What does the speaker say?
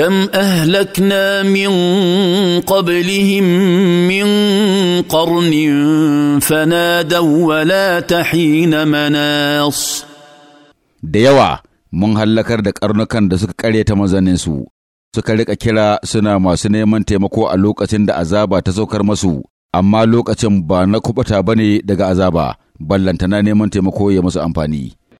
كم اهلكنا من قبلهم من قرن فنادوا ولا تحين مناص da yawa mun hallakar da karnukan da suka karyata mazaninsu suka rika kira suna masu neman taimako a lokacin da azaba ta saukar masu amma lokacin ba na ba ne daga azaba ballantana neman taimako ya masu amfani